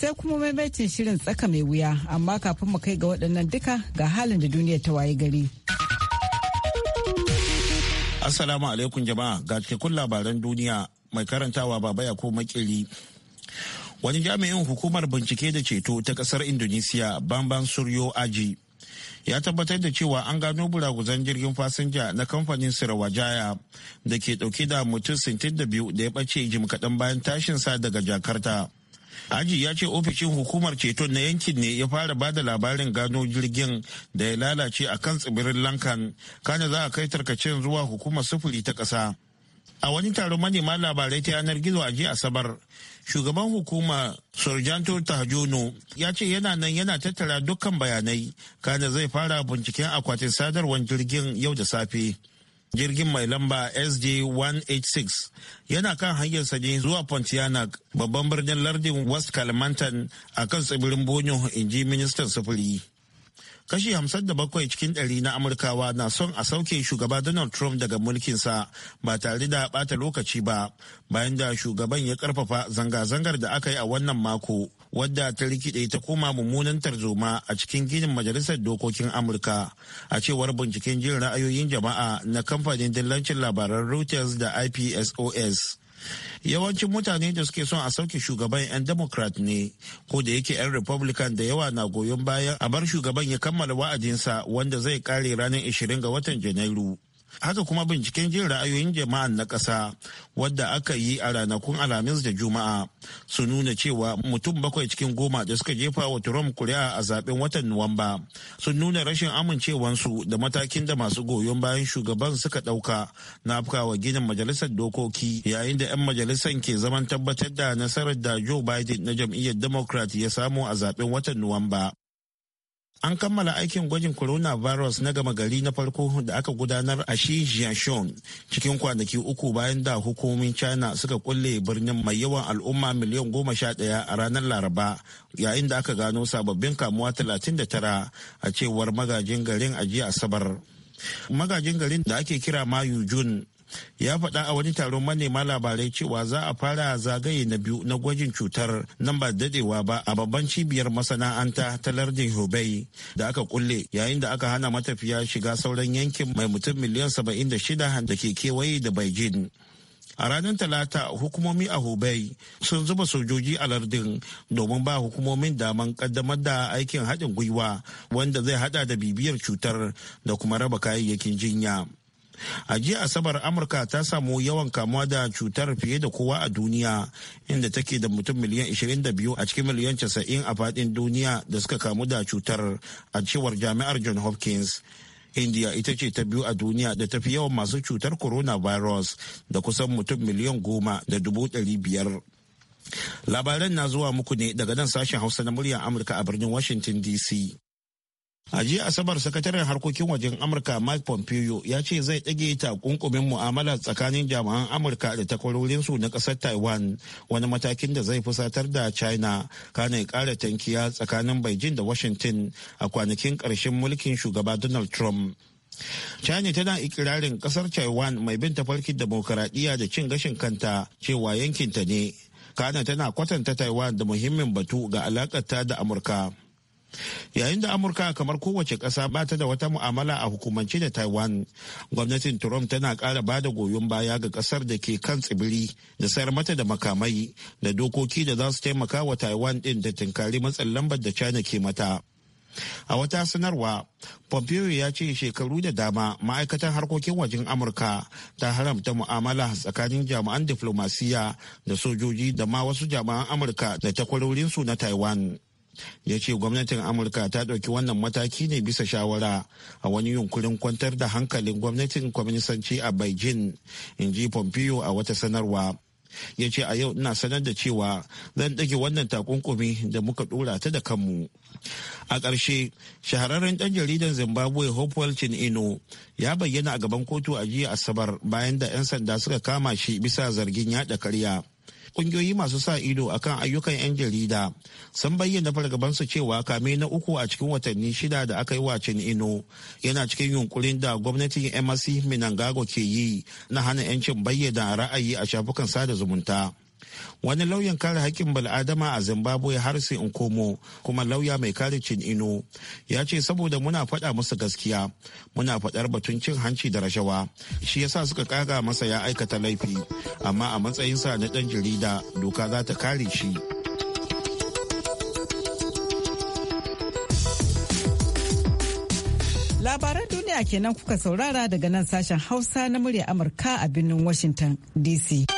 sai kuma maimaitin shirin tsaka mai wuya amma kafin mu kai ga waɗannan duka ga halin da duniyar ta waye gari. Assalamu alaikum jama'a ga cikakkun labaran duniya mai karantawa baba ya ko makili. Wani jami'in hukumar bincike da ceto ta kasar Indonesia Bamban Suryo Aji ya tabbatar da cewa an gano buraguzan jirgin fasinja na kamfanin Sirawajaya da ke dauke da mutum 62 da ya bace jim kaɗan bayan tashin sa daga Jakarta. aji ya ce ofishin hukumar ceto na yankin ne ya fara ba da labarin gano jirgin da ya lalace a kan tsibirin lankan kana za a kai tarkacen zuwa hukumar sufuri ta ƙasa a wani taron manema labarai ta yanar gizo a jiya asabar shugaban hukuma sorjanto tahjono ya ce yana nan yana tattara dukkan bayanai kana zai fara binciken akwatin sadarwar jirgin yau da safe jirgin mai lamba sj186 yana kan hanyarsa ne zuwa pontianak babban birnin lardin west kalimantan a kan tsibirin bonyo in ji ministan sufuri kashi 57 cikin ɗari na amurkawa na son a sauke shugaba donald trump daga mulkinsa ba tare da bata lokaci ba bayan da shugaban ya karfafa zanga-zangar da aka yi a wannan mako wadda ta rikide ta koma mummunan tarzoma a cikin ginin majalisar dokokin amurka a cewar binciken jin ra'ayoyin jama'a na kamfanin dillancin labaran reuters da ipsos yawancin mutane da suke son a sauke shugaban 'yan democrat ne ko da yake 'yan republican da yawa na goyon bayan a bar shugaban ya kammala wa'adinsa wanda zai kare ranar 20 ga watan janairu haka kuma binciken jin ra'ayoyin jama'an na ƙasa wadda aka yi a ranakun alhamis da juma'a su nuna cewa mutum bakwai cikin goma da suka jefa wa trump kuri'a a zaben watan nuwamba sun nuna rashin amincewansu da matakin da masu goyon bayan shugaban suka ɗauka na afkawa ginin majalisar dokoki yayin da 'yan majalisar ke zaman tabbatar da nasarar da joe biden na jam'iyyar democrat ya samu a zaben watan nuwamba an kammala aikin gwajin coronavirus na gama gari na farko da aka gudanar a shi cikin kwanaki uku bayan da hukumomin china suka kulle birnin mai yawan al'umma miliyan goma sha ɗaya a ranar laraba yayin da aka gano sababbin kamuwa talatin da tara a cewar magajin garin a asabar magajin garin da ake kira mayu jun ya faɗa a wani taron manema labarai cewa za a fara zagaye na biyu na gwajin cutar nan ba dadewa ba a babban cibiyar masana'anta ta lardin hubei da aka kulle yayin da aka hana matafiya shiga sauran yankin mai mutum miliyan 76 da ke kewaye da beijing a ranar talata hukumomi a hubei sun zuba sojoji a lardin domin ba hukumomin daman kaddamar da aikin haɗin gwiwa wanda zai hada da bibiyar cutar da kuma raba kayayyakin jinya a jiya asabar amurka ta samu yawan kamuwa da cutar fiye da kowa a duniya inda take da mutum miliyan 22 a cikin miliyan 90 a fadin duniya da suka kamu da cutar a cewar jami'ar john hopkins india ita ce ta biyu a duniya da tafi yawan masu cutar coronavirus da kusan mutum miliyan goma da dubu ɗari biyar labaran na zuwa muku ne daga nan sashen hausa na muryar amurka a birnin washington dc A jiya Asabar sakataren harkokin wajen Amurka Mike Pompeo ya ce zai ɗage takunkumin mu'amala tsakanin jami'an Amurka da takwarorinsu na ƙasar Taiwan wani matakin da zai fusatar da China kane ƙara tankiya tsakanin Beijing da Washington a kwanakin ƙarshen mulkin shugaba Donald Trump. China tana ikirarin ƙasar Taiwan mai bin tafarkin demokaradiyya da cin gashin kanta cewa yankinta ne. Kana tana kwatanta Taiwan da muhimmin batu ga alakata da Amurka. yayin da amurka kamar kowace ƙasa ba ta da wata mu'amala a hukumance da taiwan gwamnatin trump tana ƙara ba da goyon baya ga ƙasar da ke kan tsibiri da sayar mata da makamai da dokoki da za su taimaka wa taiwan ɗin da tinkari matsin lambar da china ke mata a wata sanarwa pompeo ya ce shekaru da dama ma'aikatan harkokin wajen amurka ta haramta mu'amala tsakanin jami'an diflomasiya da sojoji da ma wasu jami'an amurka da takwarorinsu na taiwan ya ce gwamnatin amurka ta ɗauki wannan mataki ne bisa shawara a wani yunkurin kwantar da hankalin gwamnatin kwaminisanci a beijing in ji pompeo a wata sanarwa ya ce a yau ina sanar da cewa zan ɗage wannan takunkumi da muka ɗora ta da kanmu a ƙarshe shahararren ɗan jaridan zimbabwe hopewell ino ya bayyana a gaban kotu a jiya asabar bayan da 'yan sanda suka kama shi bisa zargin yaɗa karya kungiyoyi masu sa ido akan ayyukan 'yan jarida sun bayyana fargabansu cewa kame na uku a cikin watanni shida da aka yi wa ino yana cikin yunkurin da gwamnatin msc minangago ke yi na hana 'yancin bayyana ra'ayi a shafukan sada zumunta wani lauyan kare haƙƙin bal'adama a zimbabwe in komo kuma lauya mai kare cin ino ya ce saboda muna faɗa musu gaskiya muna faɗar batun cin hanci da rashawa shi yasa suka kaga masa ya aikata laifi amma a matsayinsa na ɗan jarida doka za ta kare shi labaran duniya kenan kuka saurara daga nan sashen hausa na murya amurka a birnin washington dc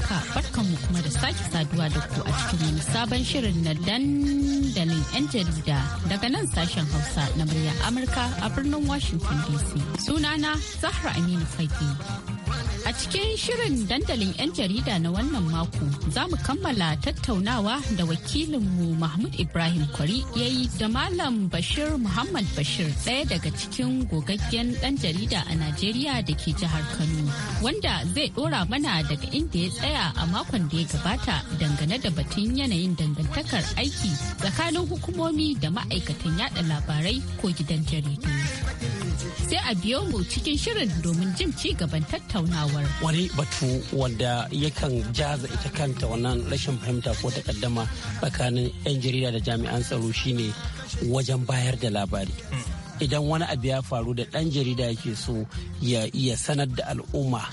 haka mu kuma da sake saduwa da ku a cikin wani sabon shirin na dandalin 'yan jarida daga nan sashen hausa na murya amurka a birnin washington dc sunana zahra aminu fage A cikin shirin dandalin 'yan jarida na wannan mako za mu kammala tattaunawa da wakilinmu Mahmud Ibrahim Kwari ya yi da Malam Bashir Muhammad Bashir ɗaya daga cikin gogaggen ɗan jarida a Najeriya da ke jihar Kano wanda zai ɗora mana daga inda ya tsaya a makon da ya gabata dangane da batun yanayin dangantakar aiki tsakanin hukumomi da ma'aikatan yaɗa labarai ko gidan jaridu. sai a biyo mu cikin shirin domin jin ci gaban tattaunawar. Wani batu wanda yakan jaza ita kanta wannan rashin fahimta ko takaddama tsakanin 'yan jarida da jami'an tsaro shine wajen bayar da labari. Hmm. Idan wani abu ya faru da ɗan jarida yake so ya iya sanar da al'umma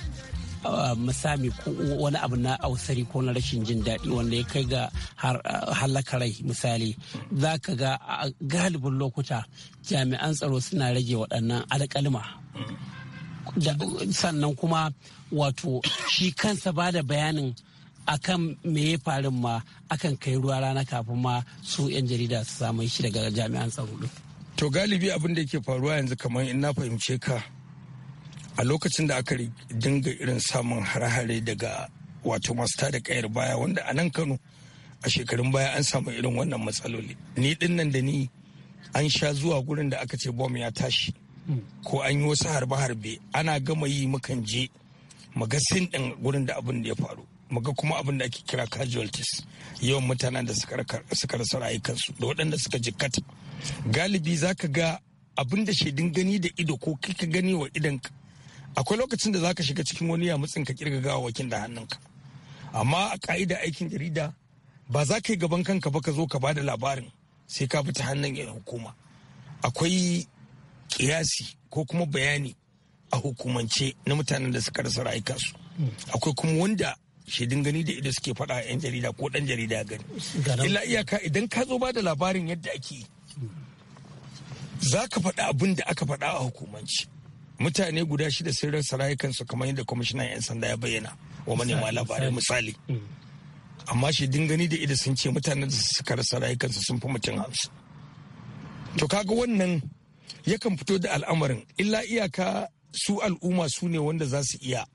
Um, misami ko wani abu na ausari ko na rashin jin daɗi wanda ya kai ga uh, halaka rai misali za ka ga a uh, galibin lokuta jami'an tsaro suna rage waɗannan alƙalma sannan kuma wato shi kansa ba da bayanin akan me ya faru ma akan kai ruwa rana kafin ma su 'yan jarida su samu shi daga jami'an tsaro to galibi abin da ke faruwa yanzu kamar in na fahimce ka a lokacin da aka dinga irin samun har hare daga wato masu tada kayar baya wanda a nan kano a shekarun baya an samu irin wannan matsaloli ni dinnan da ni an sha zuwa gurin da aka ce bom ya tashi ko an yi wasu harbe-harbe ana gama yi mukan je muga sin din gurin da abin da ya faru muga kuma abin da ake kira casualties yawan mutanen da suka rasa rayukansu da waɗanda suka jikkata galibi za ka ga abin da shaidun gani da ido ko kika gani wa idan akwai lokacin da zaka shiga cikin wani ya yamutsin ka kirga wakin da hannunka amma a ka'ida aikin jarida ba za ka yi gaban kanka ba ka zo ka ba da labarin sai ka fita hannun yan hukuma akwai kiyasi ko kuma bayani a hukumance na mutanen da suka rasa rayuka su. akwai kuma wanda shaidun gani da ido suke faɗa yan jarida ko dan jarida gani illa iyaka idan ka zo ba da labarin yadda ake yi za ka faɗa abin da aka faɗa a hukumance mutane guda shida sun rasa rayukansu kamar yadda kwamishinan 'yan sanda ya bayyana wa manema labarai misali mm. amma shi gani da ida sun ce mutane da suka rasa rayukansu sun fi mutum hamsin to kaga wannan yakan fito da al'amarin illa iyaka su al'umma su ne wanda za su iya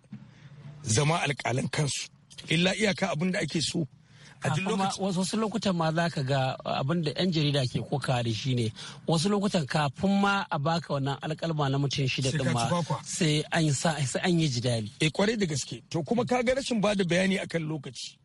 zama alƙalan kansu illa iyaka abin da ake so a wasu lokutan ma za ka ga abin da yan jarida ke koka da shi ne wasu lokutan kafin ma a baka wannan alkalma na mutum shida din ma sai an yi jidali kwarai eh, da gaske to kuma ka ga rashin bada bayani akan lokaci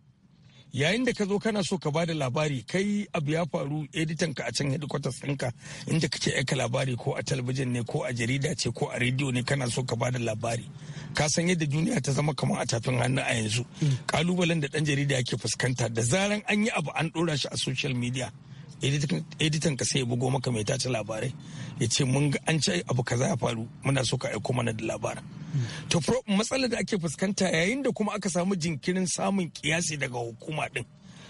yayin da ka zo kana so ka bada labari kai abu ya faru editan ka a can headquarters ɗinka inda kake aika labari ko a talabijin ne ko a jarida ce ko a rediyo ne kana so ka bada labari ka san yadda duniya ta zama kamar a tafin hannu a yanzu mm. kalubalen da ɗan jarida yake fuskanta da zaran an yi abu an ɗora shi a social media editan ka sai ya bugo maka mai tace labarai ya ce mun ga an ce abu kaza ya faru muna so ka aiko mana da labarin to matsalar da ake fuskanta yayin da kuma aka samu jinkirin samun kiyasi daga hukuma din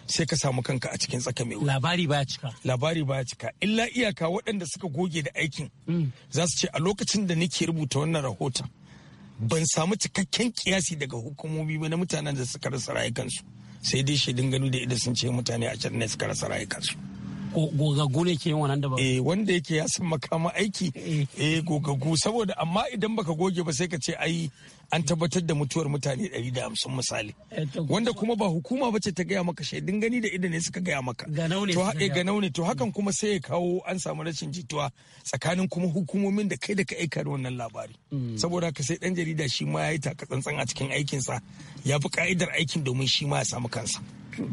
sai ka samu kanka a cikin tsaka mai labari baya cika labari baya cika illa iyaka waɗanda suka goge da aikin mm. za su ce a lokacin da nake rubuta wannan rahoton ban samu cikakken kiyasi daga hukumomi ba na mutanen da suka rasa rayukansu sai dai shaidun gani da idan sun ce mutane a ne suka rasa rayukansu gogaggu ne ke yin wannan ba. eh wanda yake ya san makama aiki eh. eh gogaggu saboda amma idan baka goge ba sai ka ce ai an tabbatar da mutuwar mutane 150 misali eh, wanda kuma ba hukuma ba ce ta gaya maka shaidun gani da idan ne suka gaya maka to haɗe ganau ne eh, to hakan kuma sai ya kawo an samu rashin jituwa tsakanin kuma hukumomin da kai da ka aika da wannan labari hmm. saboda ka sai dan jarida shi ma ya yi taka tsantsan a cikin aikinsa ya fi ka'idar aikin domin shi ma ya samu kansa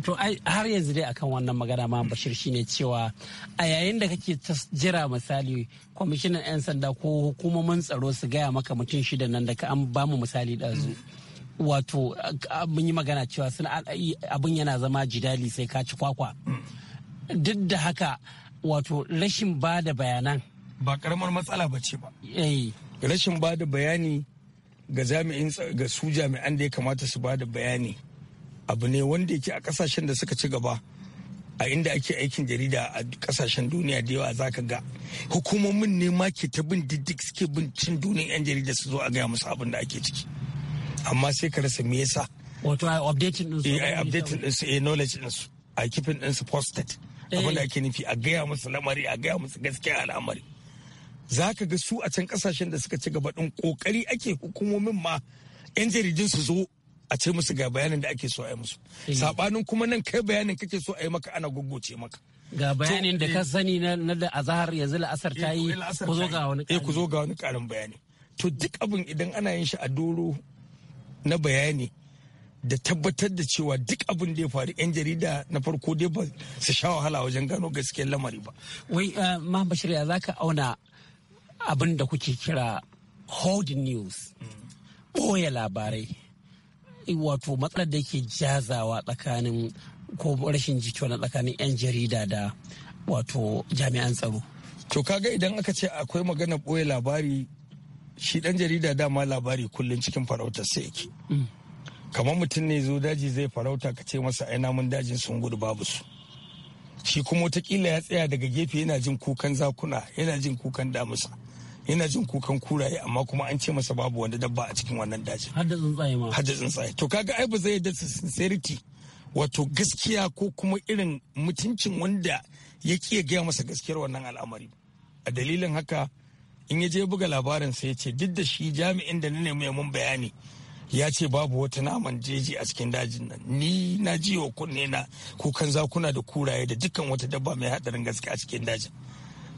to har yanzu dai akan wannan magana ma bashir shine cewa a yayin da kake jira misali kwamishinan 'yan sanda ko hukumomin tsaro su gaya maka mutum shida nan da ka an bamu misali ɗazu wato mun yi magana cewa suna abin yana zama jidali sai ka ci kwakwa duk da haka wato rashin ba da bayanan ba karamar matsala ba ce ba eh. rashin ba da bayani ga jami'in ga su jami'an da ya kamata su ba da bayani abu ne wanda yake a kasashen da suka ci gaba a inda ake aikin jarida a kasashen duniya da yawa zaka ga hukumomin ne ma ke ta bin diddik suke bin cin duniyan yan jarida su zo a gaya musu abin da ake ciki amma sai ka rasa me yasa wato ai updating din su eh, ai updating din su eh knowledge din su a keeping din su posted eh. abin da ake nufi a gaya musu lamari a gaya musu gaskiya al'amari zaka ga su a can kasashen da suka ci gaba din kokari ake hukumomin ma yan jaridun su zo a ce musu ga bayanin da ake so a yi musu eh. sabanin kuma nan kai bayanin kake so a yi maka ana goggoce maka ga bayanin da ka eh, sani na da azahar yanzu la'asar ta yi ku zo ga wani karin bayani to duk abin idan ana yin shi a doro na bayani da tabbatar da cewa duk abin da ya faru 'yan jarida na farko dai ba su sha wahala wajen gano gaskiyar lamari ba. Wai eh, ma bashir ya zaka auna abin da kuke kira holding news mm. ɓoye labarai wato matsalar da ke jazawa tsakanin ko rashin jituwa na tsakanin 'yan jarida da wato jami'an tsaro. To kaga idan aka ce akwai magana ɓoye labari shi ɗan jarida dama labari kullum cikin farautar sai yake. Mm. Kamar mutum ne zo daji zai farauta ka ce masa ai namun dajin sun gudu babu su. Shi kuma watakila ya tsaya daga gefe yana jin kukan zakuna yana jin kukan damusa. yana jin kukan kuraye amma kuma an ce masa babu wanda dabba a cikin wannan dajin har tsuntsaye ma har da to kaga ai ba zai da sincerity wato gaskiya ko kuma irin mutuncin wanda ya kiya gaya masa gaskiyar wannan al'amari a dalilin haka in ya je buga labarin sai ya ce duk da shi jami'in da na nemi ya mun bayani ya ce babu wata naman jeji a cikin dajin nan ni na ji wa kunne na kukan zakuna da kuraye da dukkan wata dabba mai hadarin gaske a cikin dajin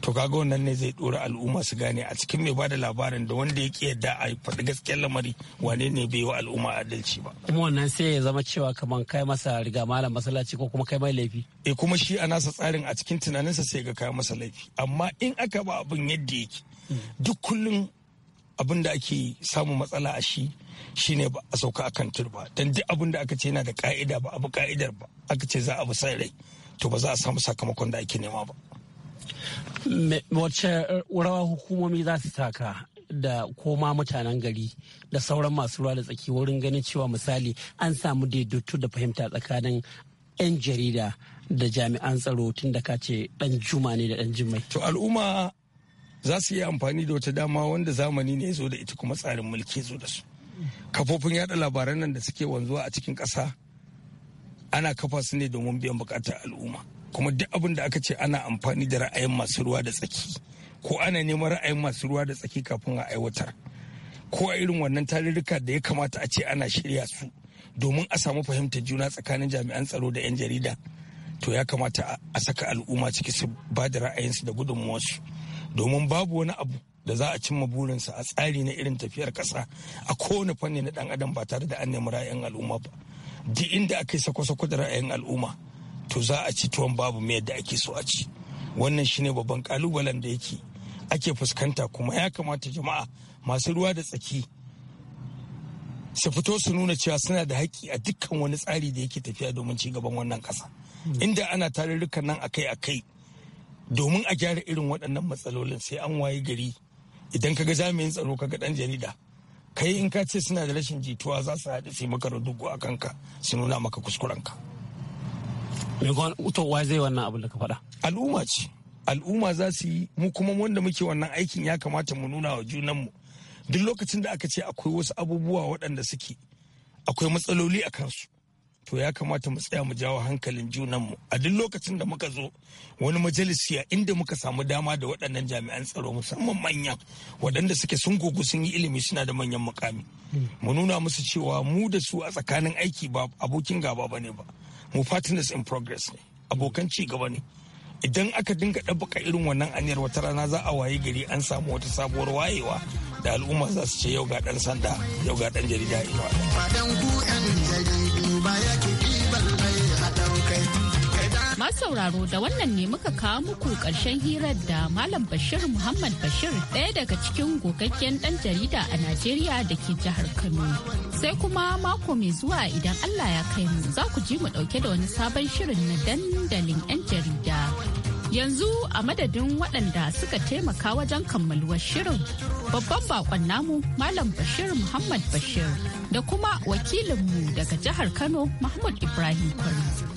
to kaga wannan ne zai dora al'umma su gane a cikin mai bada labarin da wanda ya yadda a faɗi gaskiyar lamari wane ne bai wa al'umma adalci ba kuma wannan sai ya zama cewa kamar kai masa riga malam masallaci ko kuma kai mai laifi eh kuma shi a nasa tsarin a cikin tunaninsa sai ga kai masa laifi amma in aka ba abin yadda yake duk kullum abin da ake samun matsala a shi shine ba a sauka akan turba don duk abin da aka ce yana da ka'ida ba abu ka'idar ba aka ce za a bi sai rai to ba za a samu sakamakon da ake nema ba wacce eh, rawa hukumomi za su taka da koma mutanen gari da sauran masu ruwa da tsaki wurin ganin cewa misali an samu daidaito da fahimta tsakanin 'yan jarida da jami'an tsaro tun da kace dan juma ne da dan jimai. To al'umma za su yi amfani da wata dama wanda zamani ne zo da ita kuma tsarin mulki zo da su. Kafofin yada labaran nan da suke wanzuwa a cikin ƙasa ana kafa su ne domin biyan bukatar al'umma. kuma duk abin da aka ce ana amfani da ra'ayin masu ruwa da tsaki ko ana neman ra'ayin masu ruwa da tsaki kafin a aiwatar ko a irin wannan tarurruka da ya kamata a ce ana shirya su domin a samu fahimtar juna tsakanin jami'an tsaro da 'yan jarida to ya kamata a saka al'umma ciki su ba da ra'ayinsu da gudunmuwarsu domin babu wani abu da za a cimma burinsa a tsari na irin tafiyar kasa a kowane fanni na dan adam ba tare da an nemi ra'ayin al'umma ba duk inda aka yi sako-sako da ra'ayin al'umma to za a ci tuwon babu mai yadda ake so a ci wannan shine babban kalubalen da yake ake fuskanta kuma ya kamata jama'a masu ruwa da tsaki su fito su nuna cewa suna da haƙƙi a dukkan wani tsari da yake tafiya domin ci gaban wannan ƙasa hmm. inda ana tarurrukan nan akai-akai domin a gyara irin waɗannan matsalolin sai an waye gari idan ka ga jami'in tsaro ka ga ɗan jarida kai in ka ce suna da rashin jituwa za su haɗu su yi maka rudugu a kanka su nuna maka ka. me to wa zai wannan abin da ka faɗa al'umma ce al'umma za su yi mu kuma wanda muke wannan aikin ya kamata mu nuna wa junanmu duk lokacin da aka ce akwai wasu abubuwa waɗanda suke akwai matsaloli a kansu to ya kamata mu tsaya mu jawo hankalin junanmu a duk lokacin da muka zo wani majalisi a inda muka samu dama da waɗannan jami'an tsaro musamman manya waɗanda suke sun gugu sun yi ilimi suna da manyan mukami hmm. mu nuna musu cewa mu da su a tsakanin aiki ba abokin gaba ba ne ba mu partners in progress ne abokan ci gaba ne idan aka dinga ɗabbaka irin wannan aniyar wata rana za a waye gari an samu wata sabuwar wayewa da al'umma za su ce yau ga ɗan sanda yau ga ɗan jarida ina. sauraro da wannan ne muka kawo muku ƙarshen hirar da Malam Bashir Muhammad Bashir ɗaya daga cikin gogaggen ɗan jarida a Najeriya da ke jihar Kano. Sai kuma mako mai zuwa idan Allah ya kai mu za ku ji mu ɗauke da wani sabon shirin na dandalin 'yan jarida. Yanzu a madadin waɗanda suka taimaka wajen kammaluwar shirin babban bakon namu Malam Bashir Muhammad Bashir da kuma wakilinmu daga jihar Kano Mahmud Ibrahim Kwari.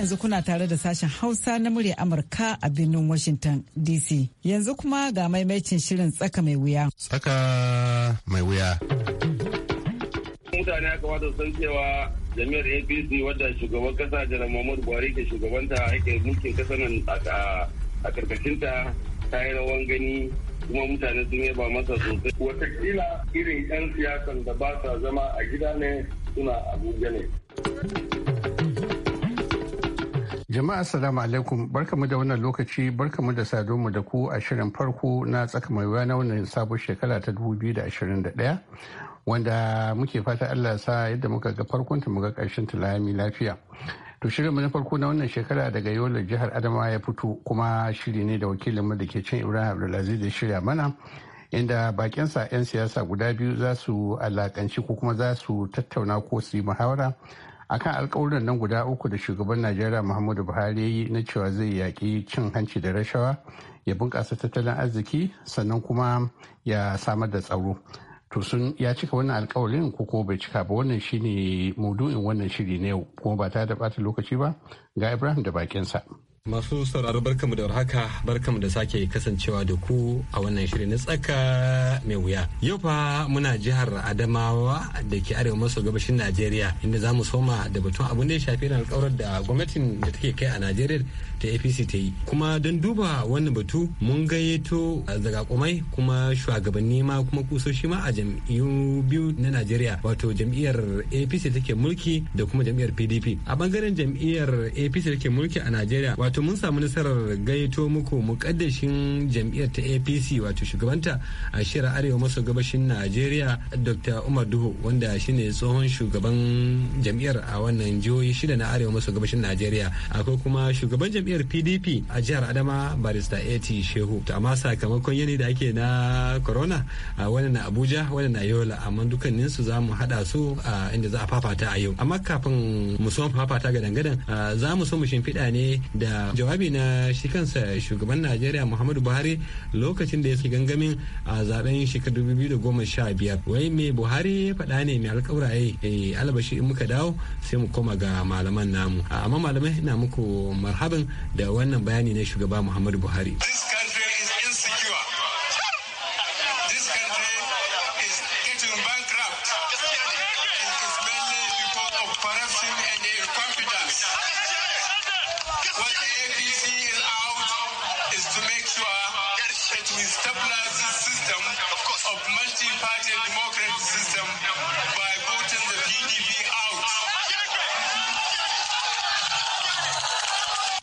yanzu kuna tare da sashen Hausa na murya Amurka a birnin Washington DC. Yanzu kuma ga maimaicin shirin tsaka mai wuya. Tsaka mai wuya. Mutane ya kamata san cewa jami'ar APC wadda shugaban kasa Janar Muhammadu Buhari ke shugabanta yake mulkin kasa nan a karkashinta ta yi rawan gani kuma mutane sun yaba masa sosai. Watakila irin 'yan siyasan da ba sa zama a gida ne suna Abuja ne. Jama'a assalamu alaikum barkamu da wannan lokaci barkamu da sadonmu da ku a shirin farko na tsaka mai na wannan sabon shekara ta 2021 wanda muke fata Allah sa yadda muka ga farkon ta muga karshen ta lami lafiya. To shirin na farko na wannan shekara daga Yola jihar adama ya fito kuma shiri ne da wakilin mu da ke cin Ibrahim Abdulaziz da shirya mana inda bakinsa 'yan siyasa guda biyu za su alakanci ko kuma za su tattauna ko su yi muhawara akan alkawuran nan guda uku da shugaban najeriya muhammadu buhari yi na cewa zai yaƙi cin hanci da rashawa ya bunƙasa tattalin arziki sannan kuma ya samar da tsaro to sun ya cika wannan alkawarin ko ko bai cika ba wannan shine mudu'in wannan shiri ne kuma ba ta da ɓata lokaci ba ga ibrahim da bakinsa. Masu sauraro barkamu da warhaka barkamu da sake kasancewa da ku a wannan shirin na tsaka mai wuya. Yau fa muna jihar Adamawa da ke arewa maso gabashin Najeriya inda za mu soma da batun abin da ya shafi na alkawarar da gwamnatin da take kai a Najeriya ta APC ta yi. Kuma don duba wannan batu mun gayyato zagakumai kuma shugabanni ma kuma kusoshi ma a jam'iyyu biyu na Najeriya wato jam'iyyar APC take mulki da kuma jam'iyyar PDP. A bangaren jam'iyyar APC take mulki a Najeriya wato wato mun samu nasarar gaito muku mukaddashin jam'iyyar ta apc wato shugabanta a shirar arewa maso gabashin najeriya dr umar duhu wanda shine tsohon shugaban jam'iyyar a wannan jihohi shida na arewa maso gabashin najeriya akwai kuma shugaban jam'iyyar pdp a jihar adama barista eti shehu amma sakamakon yanayi da ake na corona wani na abuja wani na yola amma su za mu hada su a inda za a fafata a yau amma kafin mu so fafata ga dangadan za mu so mu shimfiɗa ne da jawabi na shi kansa shugaban najeriya muhammadu buhari lokacin da ya gangamin a zaben shekarar 2015 wai me buhari ya faɗa ne mai alƙawuraye eh, albashi in muka dawo sai mu koma ga malaman namu amma malamai na muku marhaban da wannan bayani na shugaba muhammadu buhari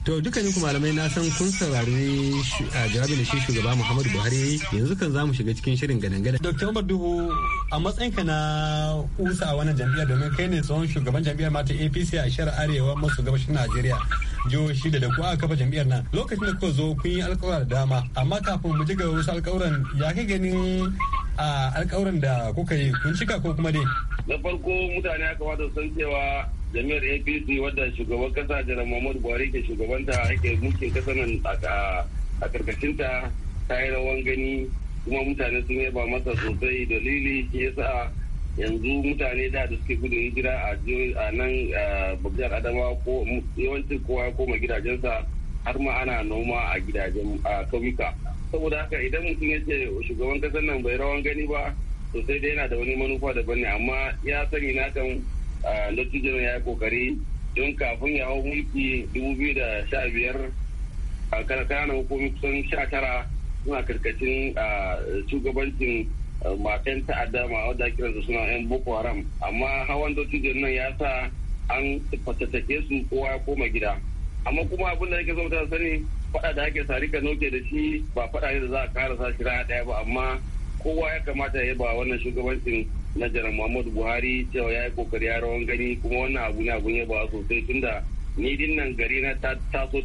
To dukkanin ku malamai na san kun saurari a jawabin da shi shugaba Muhammadu Buhari yanzu kan za mu shiga cikin shirin gadan-gadan. Dr. Umar Duhu a matsayinka na kusa a wannan jam'iyyar domin kai ne tsohon shugaban jam'iyyar mata APC a shirin arewa maso gabashin Najeriya. jihohi da da ku a kafa jam'iyyar nan lokacin da kuka zo kun yi alkawar da dama amma kafin mu ji ga wasu alkawuran ya kai ganin a alkawuran da kuka yi kun cika ko kuma dai. Na farko mutane ya kamata su san cewa jami'ar apc wadda shugaban kasa da muhammadu buhari ke shugabanta ake mulkin kasa nan a karkashinta ta yi rawan gani kuma mutane sun yaba masa sosai dalili shi yasa yanzu mutane da da suke gudun hijira a nan babjar adama ko yawancin kowa ya koma gidajensa har ma ana noma a gidajen a kauyuka saboda haka idan mutum ya ce shugaban kasar nan bai rawan gani ba sosai da yana da wani manufa daban ne amma ya sani na kan a dattijan ya yi kokari don kafin ya hau mulki 2015 a na hukumi kusan 19 suna karkashin shugabancin matan ta'adda ma wadda kiran da suna yan boko haram amma hawan dattijan nan ya sa an fatattake su kowa ya koma gida amma kuma abin da yake zama ta sani faɗa da ake sarika noke da shi ba faɗa ne da za a karasa shi rana ɗaya ba amma kowa ya kamata ya ba wannan shugabancin na jiran muhammadu buhari cewa ya yi kokari ya rawan gani kuma wannan abu ne abun yaba sosai tunda ni din nan gari na taso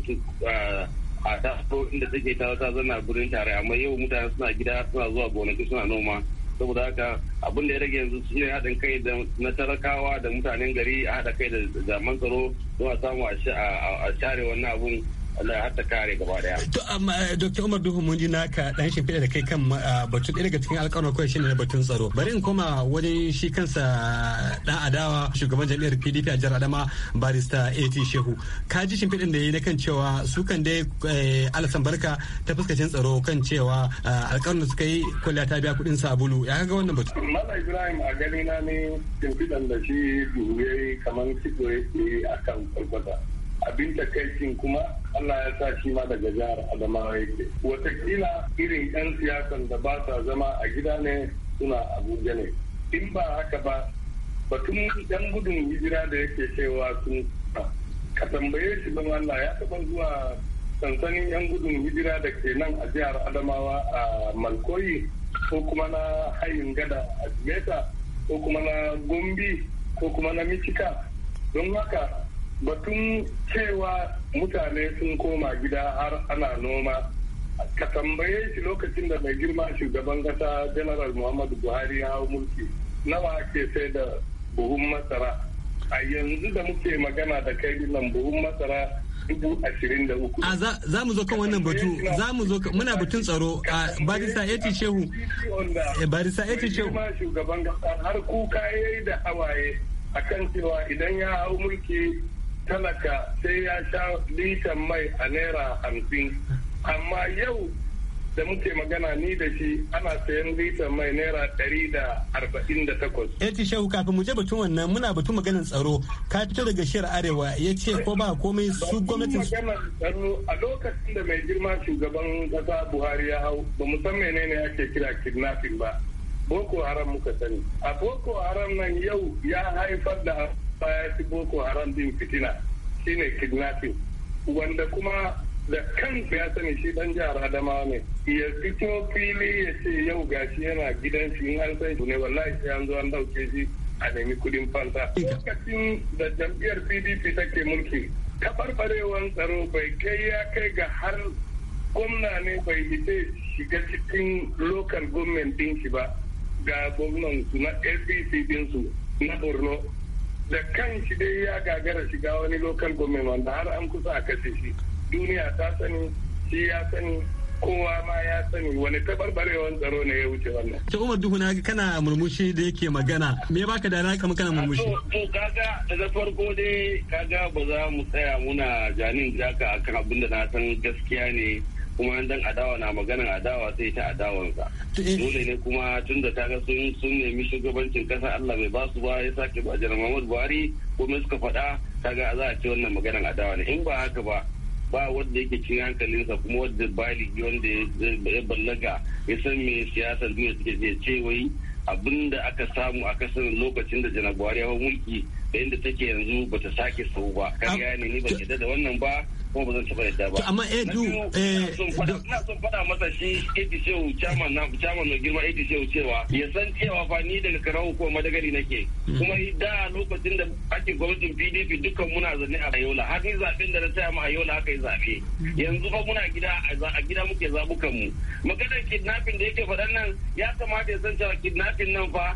a taso inda take ta ta zana gurin tare amma yau mutane suna gida suna zuwa gonaki suna noma saboda haka abin da ya rage yanzu shine haɗin kai da na talakawa da mutanen gari a haɗa kai da zaman tsaro don a samu a share wannan abun Allah har ta kare gaba daya. To eh, Dr. Umar Duhu mun ji naka dan shimfiɗa da kai kan eh, batun ɗaya daga cikin alƙawarin kawai shine batun tsaro. Bari in koma wajen shi kansa dan adawa shugaban jami'ar PDP a jihar Adama barista AT Shehu. Ka ji shimfiɗin da yi na kan cewa su kan dai eh, alasan barka ta fuskacin tsaro kan cewa alƙawarin da suka yi kwalliya ta biya kuɗin sabulu. Ya ga wannan batun. Mala Ibrahim a gani na ne shimfiɗan da shi duhu yayi kamar kitso yake akan kwalkwata. abin takaicin kuma Allah ya sa shi ma daga jihar Adamawa yake wataƙila irin 'yan siyasan da ba sa zama a gida ne suna Abuja ne in ba haka ba batun yan gudun hijira da yake cewa sun ka tambaye shi don Allah ya taɓa zuwa sansanin yan gudun hijira da ke nan a jihar Adamawa a Malkoyi ko kuma na hayin gada a Jimeta ko kuma na Gombe ko kuma na Michika don haka batun cewa mutane sun koma gida har ana noma ka tambaye shi lokacin da mai girma shugaban kasa general muhammadu buhari ya hau mulki nawa ake sai da buhun masara a yanzu da muke magana da kai nan buhun masara a za mu zo kan wannan batu za mu zo muna batun tsaro a barisa eti shehu eh, barisa eti shehu shugaban kasa har kuka yayi da hawaye akan cewa idan ya hau mulki talaka sai ya sha litan mai a naira hamsin amma yau da muke magana ni da shi ana sayan litan mai naira ɗari da arba'in da takwas. ya eh, ce shehu kafin mu je batun wannan muna batun maganar tsaro ka fito daga shiyar arewa ya ce ko ba komai su gwamnatin tsaro a lokacin da mai girma shugaban kasa buhari ya hau ba mu san menene ake kira kidnapping ba boko haram muka sani a boko haram nan yau ya haifar da baya fi boko haram din fitina shine kidnapping wanda kuma da kan ya sani shi dan jihar adamawa ne ya fito fili ya ce yau gashi yana gidan shi in an san ne wallahi sai an zo an dauke shi a nemi kudin fansa lokacin da jam'iyyar pdp take mulki kabarbarewan tsaro bai kai ya kai ga har gwamna ne bai hite shiga cikin local government din shi ba ga gwamnan su na apc din su na borno da kan shi dai ya gagara shiga wani local government wanda har an kusa a kashe shi duniya ta sani shi ya sani kowa ma ya sani wani tabarbarewan tsaro ne ya wuce wannan. Ta Umar Duhuna kana murmushi da yake magana me baka da alaka kana murmushi? To kaga da farko dai kaga ba za mu tsaya muna janin jaka akan abin da na san gaskiya ne kuma dan adawa na maganar adawa sai ta adawansa eh, dole ne kuma tun da ta ga sun nemi shugabancin kasa Allah bai basu ba ya sake ba jira Muhammadu Buhari ko me suka faɗa kaga za a ce wannan maganan adawa ne in ba haka ba ba wanda yake cin sa kuma wanda bali wanda ya ballaga ya san me siyasar duniya suke je ce wai abin da aka samu a kasar lokacin da janar buhari ya mulki da inda take yanzu bata sake sau ba kariya ne ni ba da wannan ba kuma ba zan taɓa yadda ba. Amma Edu. Eh, eh, ina son faɗa masa shi Edi Chairman na Chairman mai girma Edi cewa ya san cewa fa ni daga karawo hukumar madagari nake. Hmm. Kuma da lokacin da ake gwamnatin PDP dukkan muna zane a Ayola har ni zaɓen da na taya ma Ayola aka yi zaɓe. Yanzu fa muna gida a gida muke zaɓukan mu. Maganar kidnapping da yake faɗan nan ya kamata ya san cewa kidnapping nan fa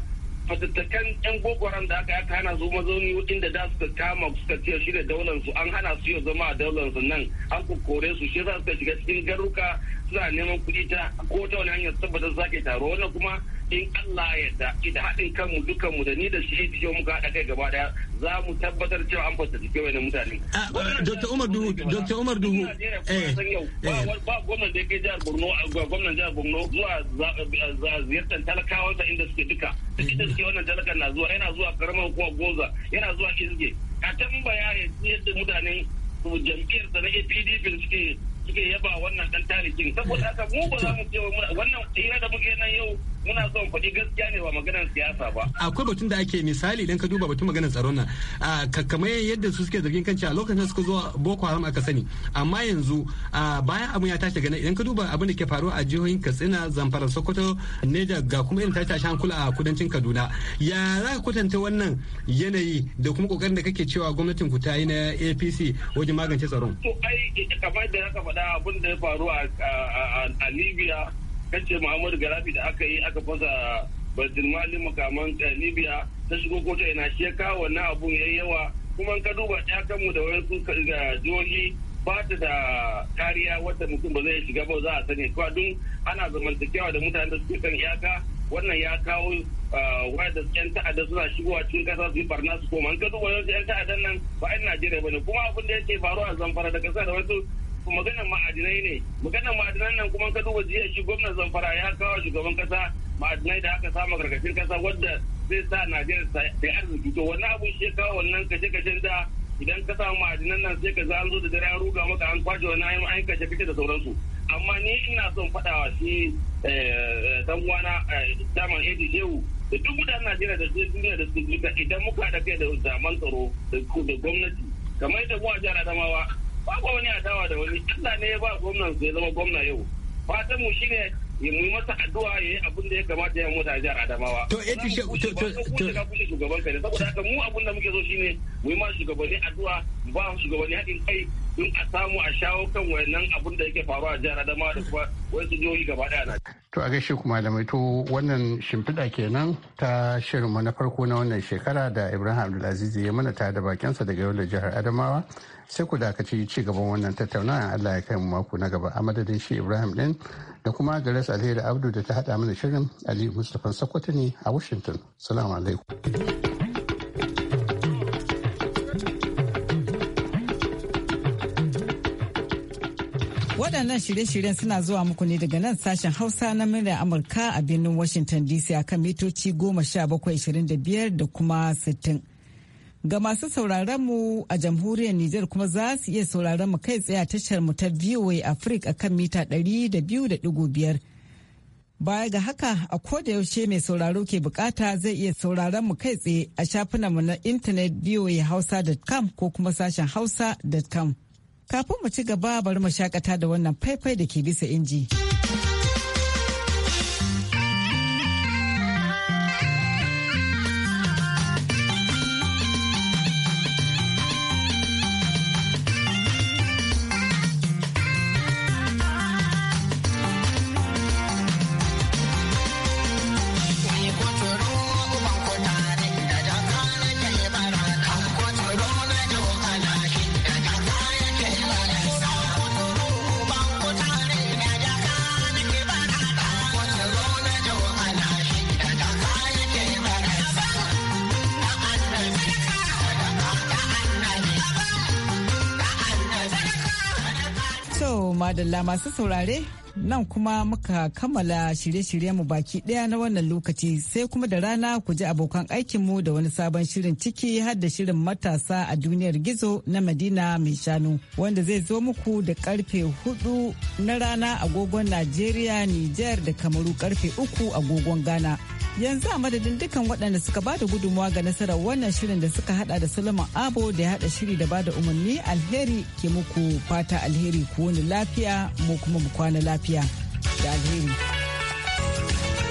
fatattakan yan gogoron da aka yaka hana su mazauni inda da suka kama suka ciyar shi da daularsu an hana su yau zama a daularsu nan an kokore su shi za suka shiga cikin garuka suna neman kuɗi ta ko ta wani hanyar tabbatar sake taro wannan kuma in Allah ya da da haɗin kanmu dukanmu da ni da shi biyo muka haɗa kai gaba daya za mu tabbatar cewa an fasalike wani mutane. Ah, Dokta Umar Duhu, Dokta Umar Duhu. Eh, eh. Ba gwamnan da yake jihar Borno, gwamnan jihar Borno zuwa ziyartar talakawansa inda suke duka. Inda suke wannan talakan na zuwa, yana zuwa karamar kuwa goza, yana zuwa izge. A tambaya yadda mutane jam'iyyar da na APDP suke suke yaba wannan ɗan tarihin saboda haka mu ba za mu ce wannan hira da muke nan yau muna son faɗi gaskiya ne ba maganar siyasa ba akwai batun da ake misali idan ka duba batun maganar tsaron nan kamar yadda su suke zargin kanci a lokacin suka zo boko haram aka sani amma yanzu bayan abin ya tashi daga nan idan ka duba abin da ke faruwa a jihohin katsina zamfara sokoto neja ga kuma irin tashi a hankula a kudancin kaduna ya za ka kwatanta wannan yanayi da kuma kokarin da kake cewa gwamnatin ku ta yi na apc wajen magance tsaron. to ai kamar da ya faɗa abin da ya faru a libya kace muhammadu garafi da aka yi aka fasa baitulmalin makaman eh, libya ta shigo ko ta ina shi ya kawo wannan abun yayi yawa kuma ka duba iyakanmu da wasu jihohi ba ta da kariya wata mutum ba zai shiga ba za a sani kuma duk ana zamantakewa da mutanen da suke kan iyaka wannan ya kawo eh, da yan ta'adda suna shigowa cikin kasa su yi barna su koma in ka duba yanzu yan ta'addan nan ba yi najeriya ba ne kuma abin da yake faruwa a zamfara da kasa da wasu maganar ma'adinai ne maganar ma'adinan nan kuma ka duba jiya shi gwamnan zamfara ya kawo shugaban kasa ma'adinai da aka samu karkashin kasa wadda zai sa najeriya ta arziki to wani abu shi ya kawo wannan kashe-kashen da idan ka samu ma'adinan nan sai ka za zo da dare an ruga maka an kwaje wani ayyuka an kashe kake da sauransu amma ni ina son faɗawa shi eh, dan uwana daman eh, Eddie Shehu da duk mutanen Najeriya da duniya da suke idan muka da kai da zaman tsaro da gwamnati kamar yadda mu a jihar Adamawa babu wani adawa da wani Allah ne ya ba gwamnan ya zama gwamna yau fatan mu shine ya mu masa addu'a ya yi abin da ya kamata ya a jihar Adamawa to eh to to to to shugaban kai saboda haka mu abin da muke so shine mu yi ma shugabanni addu'a mu ba shugabanni haɗin kai in a samu a shawo kan wayannan abin da yake faruwa a jihar Adamawa da kuma wasu jihohi gaba daya na to a gaishe da mai to wannan shimfiɗa kenan ta shirinmu na farko na wannan shekara da Ibrahim Abdulaziz ya mana ta da bakinsa daga yau da jihar Adamawa sai ku dakaci ci gaban wannan tattaunawa Allah ya kai mu mako na gaba a madadin shi Ibrahim din da kuma Garas Alheri Abdu da ta hada mana shirin Ali Mustapha Sokoto ne a Washington. Salamu alaikum. Waɗannan shirye-shiryen suna zuwa muku ne daga nan sashen Hausa na muryar Amurka a birnin Washington DC a kan mitoci 1725 da kuma 60. Ga masu sauraron mu a jamhuriyar Nijar kuma za su iya sauraron mu kai tsaye a tashar mu ta VOA Africa kan mita 200.5. Baya ga haka a koda yaushe mai sauraro ke bukata zai iya sauraron mu kai tsaye a mu na intanet voahausa.com ko kuma sashen hausa.com. Kafin mu ci gaba bari mu shakata da wannan faifai da ke bisa inji. madalla masu saurare Nan kuma muka kammala shirye-shiryenmu baki ɗaya na wannan lokaci sai kuma da rana ku ji abokan aikinmu da wani sabon shirin ciki har da shirin matasa a duniyar gizo na Madina mai shanu wanda zai zo muku da karfe hudu na rana agogon Najeriya, niger da Kamaru karfe uku agogon Ghana. Yanzu a madadin dukkan waɗanda suka ba da gudunmawa ga nasarar wannan shirin da suka hada da Solomon Abo da ya hada shiri da ba da umarni alheri ke muku fata alheri ku wani lafiya mu kuma mu kwana lafiya. lafiya da alheri.